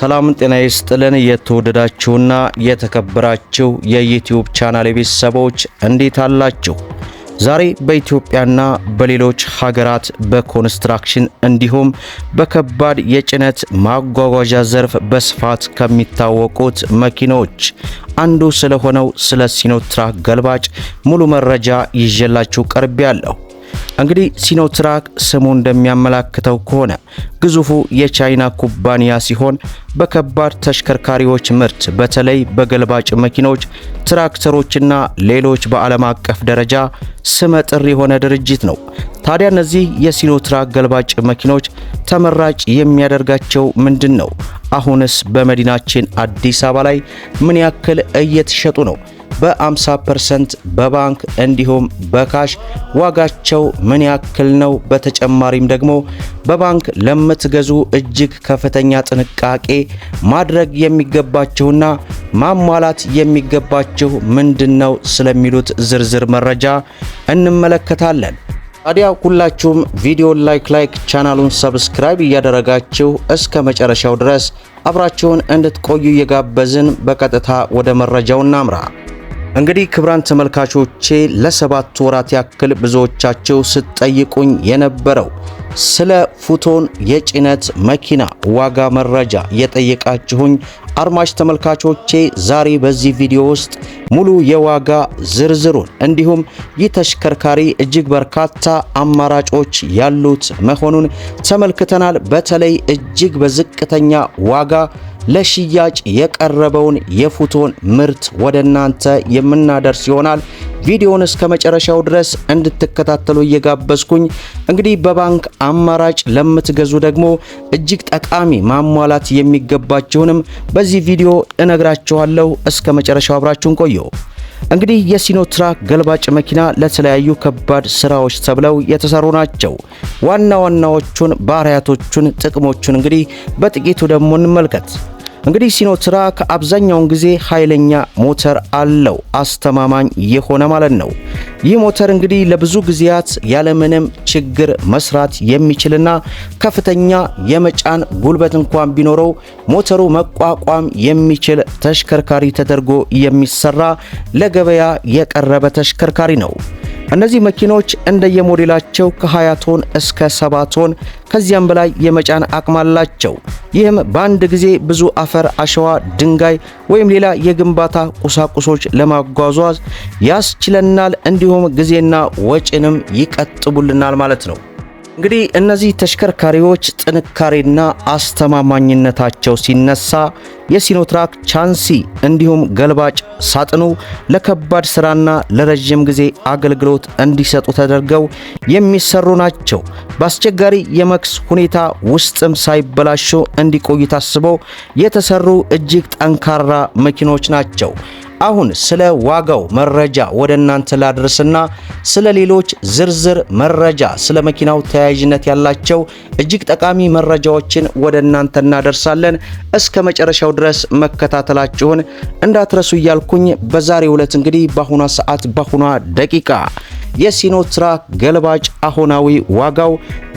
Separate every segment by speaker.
Speaker 1: ሰላም ጤና ይስጥልን። የተወደዳችሁና የተከበራችሁ የዩትዩብ ቻናል ቤተሰቦች እንዴት አላችሁ? ዛሬ በኢትዮጵያና በሌሎች ሀገራት በኮንስትራክሽን እንዲሁም በከባድ የጭነት ማጓጓዣ ዘርፍ በስፋት ከሚታወቁት መኪኖች አንዱ ስለሆነው ስለ ሲኖትራክ ገልባጭ ሙሉ መረጃ ይዤላችሁ ቀርቤ ያለሁ እንግዲህ ሲኖትራክ ስሙ እንደሚያመላክተው ከሆነ ግዙፉ የቻይና ኩባንያ ሲሆን በከባድ ተሽከርካሪዎች ምርት በተለይ በገልባጭ መኪኖች፣ ትራክተሮችና ሌሎች በዓለም አቀፍ ደረጃ ስመጥር የሆነ ድርጅት ነው። ታዲያ እነዚህ የሲኖትራክ ገልባጭ መኪኖች ተመራጭ የሚያደርጋቸው ምንድን ነው? አሁንስ በመዲናችን አዲስ አበባ ላይ ምን ያክል እየተሸጡ ነው? በ50 ፐርሰንት በባንክ እንዲሁም በካሽ ዋጋቸው ምን ያክል ነው? በተጨማሪም ደግሞ በባንክ ለምትገዙ እጅግ ከፍተኛ ጥንቃቄ ማድረግ የሚገባችሁና ማሟላት የሚገባችሁ ምንድን ነው ስለሚሉት ዝርዝር መረጃ እንመለከታለን። ታዲያ ሁላችሁም ቪዲዮን ላይክ ላይክ ቻናሉን ሰብስክራይብ እያደረጋችሁ እስከ መጨረሻው ድረስ አብራችሁን እንድትቆዩ እየጋበዝን በቀጥታ ወደ መረጃው እናምራ። እንግዲህ ክብራን ተመልካቾቼ ለሰባት ወራት ያክል ብዙዎቻቸው ስትጠይቁኝ የነበረው ስለ ፉቶን የጭነት መኪና ዋጋ መረጃ የጠየቃችሁኝ አድማጭ ተመልካቾቼ ዛሬ በዚህ ቪዲዮ ውስጥ ሙሉ የዋጋ ዝርዝሩን እንዲሁም ይህ ተሽከርካሪ እጅግ በርካታ አማራጮች ያሉት መሆኑን ተመልክተናል። በተለይ እጅግ በዝቅተኛ ዋጋ ለሽያጭ የቀረበውን የፉቶን ምርት ወደ እናንተ የምናደርስ ይሆናል። ቪዲዮውን እስከ መጨረሻው ድረስ እንድትከታተሉ እየጋበዝኩኝ እንግዲህ በባንክ አማራጭ ለምትገዙ ደግሞ እጅግ ጠቃሚ ማሟላት የሚገባችሁንም በዚህ ቪዲዮ እነግራችኋለሁ። እስከ መጨረሻው አብራችሁን ቆዩ። እንግዲህ የሲኖትራክ ገልባጭ መኪና ለተለያዩ ከባድ ስራዎች ተብለው የተሰሩ ናቸው። ዋና ዋናዎቹን ባህሪያቶቹን፣ ጥቅሞቹን እንግዲህ በጥቂቱ ደግሞ እንመልከት። እንግዲህ ሲኖትራክ አብዛኛውን ጊዜ ኃይለኛ ሞተር አለው፣ አስተማማኝ የሆነ ማለት ነው። ይህ ሞተር እንግዲህ ለብዙ ጊዜያት ያለምንም ችግር መስራት የሚችልና ከፍተኛ የመጫን ጉልበት እንኳን ቢኖረው ሞተሩ መቋቋም የሚችል ተሽከርካሪ ተደርጎ የሚሰራ ለገበያ የቀረበ ተሽከርካሪ ነው። እነዚህ መኪኖች እንደየሞዴላቸው ከ20 ቶን እስከ 70 ቶን ከዚያም በላይ የመጫን አቅም አላቸው። ይህም በአንድ ጊዜ ብዙ አፈር፣ አሸዋ፣ ድንጋይ ወይም ሌላ የግንባታ ቁሳቁሶች ለማጓጓዝ ያስችለናል። እንዲሁም ጊዜና ወጪንም ይቀጥቡልናል ማለት ነው። እንግዲህ እነዚህ ተሽከርካሪዎች ጥንካሬና አስተማማኝነታቸው ሲነሳ የሲኖትራክ ቻንሲ እንዲሁም ገልባጭ ሳጥኑ ለከባድ ስራና ለረዥም ጊዜ አገልግሎት እንዲሰጡ ተደርገው የሚሰሩ ናቸው። በአስቸጋሪ የመክስ ሁኔታ ውስጥም ሳይበላሹ እንዲቆዩ ታስበው የተሰሩ እጅግ ጠንካራ መኪኖች ናቸው። አሁን ስለ ዋጋው መረጃ ወደ እናንተ ላድርስና ስለ ሌሎች ዝርዝር መረጃ ስለ መኪናው ተያያዥነት ያላቸው እጅግ ጠቃሚ መረጃዎችን ወደ እናንተ እናደርሳለን። እስከ መጨረሻው ድረስ መከታተላችሁን እንዳትረሱ እያልኩኝ በዛሬው ዕለት እንግዲህ በአሁኗ ሰዓት በአሁኗ ደቂቃ የሲኖትራ ገልባጭ አሁናዊ ዋጋው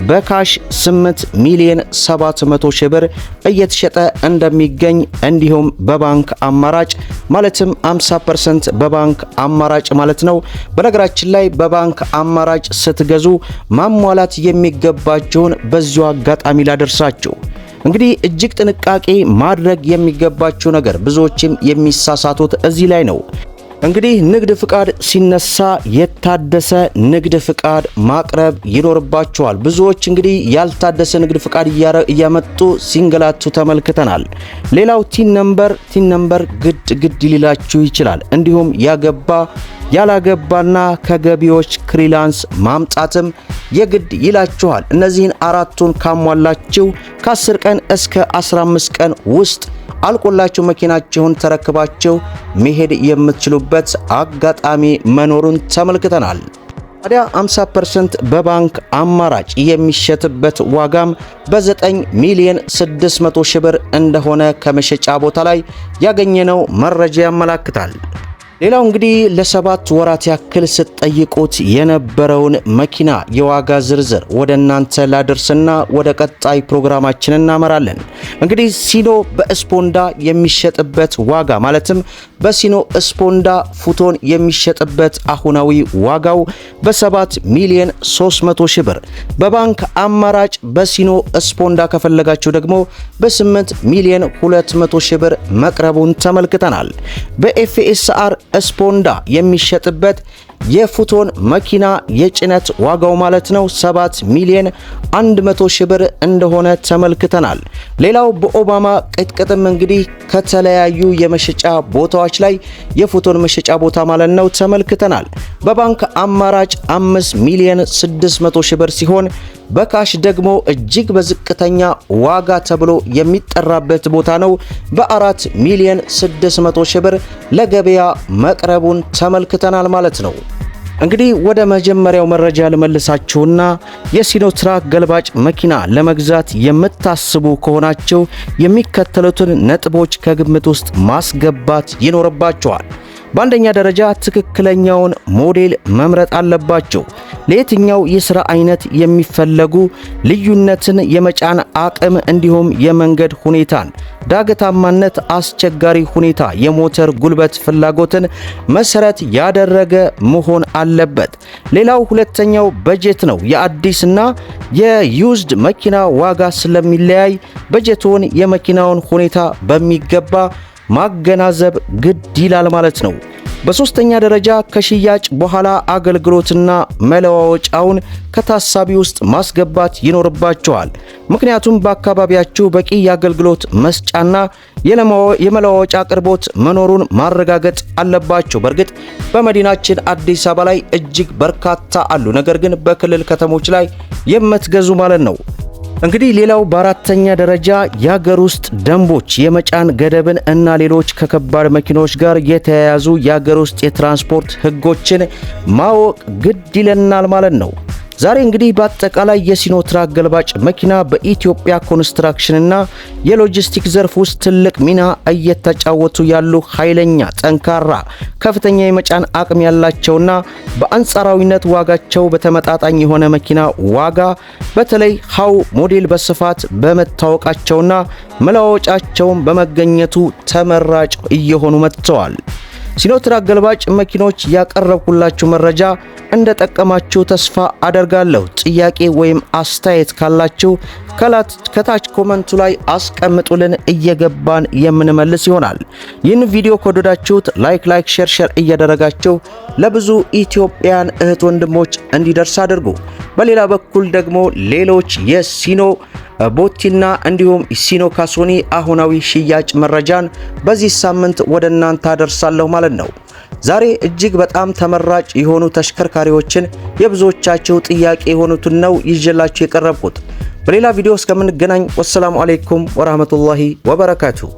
Speaker 1: በካሽ 8 ሚሊዮን 700 ሺህ ብር እየተሸጠ እንደሚገኝ እንዲሁም በባንክ አማራጭ ማለትም 50% በባንክ አማራጭ ማለት ነው። በነገራችን ላይ በባንክ አማራጭ ስትገዙ ማሟላት የሚገባቸውን በዚሁ አጋጣሚ ላደርሳችሁ። እንግዲህ እጅግ ጥንቃቄ ማድረግ የሚገባቸው ነገር ብዙዎችም የሚሳሳቱት እዚህ ላይ ነው። እንግዲህ ንግድ ፍቃድ ሲነሳ የታደሰ ንግድ ፍቃድ ማቅረብ ይኖርባቸዋል። ብዙዎች እንግዲህ ያልታደሰ ንግድ ፍቃድ እያመጡ ሲንገላቱ ተመልክተናል። ሌላው ቲን ነምበር ቲን ነምበር ግድ ግድ ሊላችሁ ይችላል። እንዲሁም ያገባ ያላገባና ከገቢዎች ክሪላንስ ማምጣትም የግድ ይላችኋል። እነዚህን አራቱን ካሟላችሁ ከ10 ቀን እስከ 15 ቀን ውስጥ አልቆላችሁ መኪናችሁን ተረክባችሁ መሄድ የምትችሉበት አጋጣሚ መኖሩን ተመልክተናል። ታዲያ 50% በባንክ አማራጭ የሚሸጥበት ዋጋም በ9 ሚሊዮን 600 ሺህ ብር እንደሆነ ከመሸጫ ቦታ ላይ ያገኘነው መረጃ ያመላክታል። ሌላው እንግዲህ ለሰባት ወራት ያክል ስትጠይቁት የነበረውን መኪና የዋጋ ዝርዝር ወደ እናንተ ላደርስና ወደ ቀጣይ ፕሮግራማችን እናመራለን። እንግዲህ ሲኖ በእስፖንዳ የሚሸጥበት ዋጋ ማለትም በሲኖ ስፖንዳ ፉቶን የሚሸጥበት አሁናዊ ዋጋው በ7 ሚሊዮን 300 ሺህ ብር፣ በባንክ አማራጭ በሲኖ ስፖንዳ ከፈለጋችሁ ደግሞ በ8 ሚሊዮን 200 ሺህ ብር መቅረቡን ተመልክተናል። በኤፍኤስአር ስፖንዳ የሚሸጥበት የፉቶን መኪና የጭነት ዋጋው ማለት ነው 7 ሚሊዮን 100 ሺህ ብር እንደሆነ ተመልክተናል። ሌላው በኦባማ ቅጥቅጥም እንግዲህ ከተለያዩ የመሸጫ ቦታዎች ላይ የፉቶን መሸጫ ቦታ ማለት ነው ተመልክተናል። በባንክ አማራጭ 5 ሚሊዮን 600 ሺህ ብር ሲሆን በካሽ ደግሞ እጅግ በዝቅተኛ ዋጋ ተብሎ የሚጠራበት ቦታ ነው። በአራት ሚሊዮን 600 ሺህ ብር ለገበያ መቅረቡን ተመልክተናል ማለት ነው። እንግዲህ ወደ መጀመሪያው መረጃ ልመልሳችሁና የሲኖትራክ ገልባጭ መኪና ለመግዛት የምታስቡ ከሆናችሁ የሚከተሉትን ነጥቦች ከግምት ውስጥ ማስገባት ይኖርባችኋል። በአንደኛ ደረጃ ትክክለኛውን ሞዴል መምረጥ አለባቸው። ለየትኛው የሥራ አይነት የሚፈለጉ ልዩነትን የመጫን አቅም እንዲሁም የመንገድ ሁኔታን፣ ዳገታማነት፣ አስቸጋሪ ሁኔታ፣ የሞተር ጉልበት ፍላጎትን መሰረት ያደረገ መሆን አለበት። ሌላው ሁለተኛው በጀት ነው። የአዲስና የዩዝድ መኪና ዋጋ ስለሚለያይ በጀቶን የመኪናውን ሁኔታ በሚገባ ማገናዘብ ግድ ይላል ማለት ነው። በሶስተኛ ደረጃ ከሽያጭ በኋላ አገልግሎትና መለዋወጫውን ከታሳቢ ውስጥ ማስገባት ይኖርባቸዋል። ምክንያቱም በአካባቢያችሁ በቂ የአገልግሎት መስጫና የመለዋወጫ አቅርቦት መኖሩን ማረጋገጥ አለባቸው በእርግጥ በመዲናችን አዲስ አበባ ላይ እጅግ በርካታ አሉ። ነገር ግን በክልል ከተሞች ላይ የምትገዙ ማለት ነው እንግዲህ ሌላው በአራተኛ ደረጃ የሀገር ውስጥ ደንቦች የመጫን ገደብን እና ሌሎች ከከባድ መኪኖች ጋር የተያያዙ የሀገር ውስጥ የትራንስፖርት ህጎችን ማወቅ ግድ ይለናል ማለት ነው። ዛሬ እንግዲህ በአጠቃላይ የሲኖትራክ ገልባጭ መኪና በኢትዮጵያ ኮንስትራክሽንና የሎጂስቲክ ዘርፍ ውስጥ ትልቅ ሚና እየተጫወቱ ያሉ ኃይለኛ፣ ጠንካራ፣ ከፍተኛ የመጫን አቅም ያላቸውና በአንጻራዊነት ዋጋቸው በተመጣጣኝ የሆነ መኪና ዋጋ በተለይ ሀው ሞዴል በስፋት በመታወቃቸውና መለዋወጫቸውን በመገኘቱ ተመራጭ እየሆኑ መጥተዋል። ሲኖትራክ ገልባጭ መኪኖች ያቀረብኩላችሁ መረጃ እንደጠቀማችሁ ተስፋ አደርጋለሁ። ጥያቄ ወይም አስተያየት ካላችሁ ከታች ኮመንቱ ላይ አስቀምጡልን፣ እየገባን የምንመልስ ይሆናል። ይህን ቪዲዮ ከወደዳችሁት ላይክ ላይክ ሼር ሼር እያደረጋችሁ ለብዙ ኢትዮጵያን እህት ወንድሞች እንዲደርስ አድርጉ። በሌላ በኩል ደግሞ ሌሎች የሲኖ ቦቲና እንዲሁም ሲኖ ካሶኒ አሁናዊ ሽያጭ መረጃን በዚህ ሳምንት ወደ እናንተ አደርሳለሁ ማለት ነው። ዛሬ እጅግ በጣም ተመራጭ የሆኑ ተሽከርካሪዎችን የብዙዎቻቸው ጥያቄ የሆኑትን ነው ይዤላችሁ የቀረብኩት። በሌላ ቪዲዮ እስከምንገናኝ ወሰላሙ አሌይኩም ወራህመቱላሂ ወበረካቱ።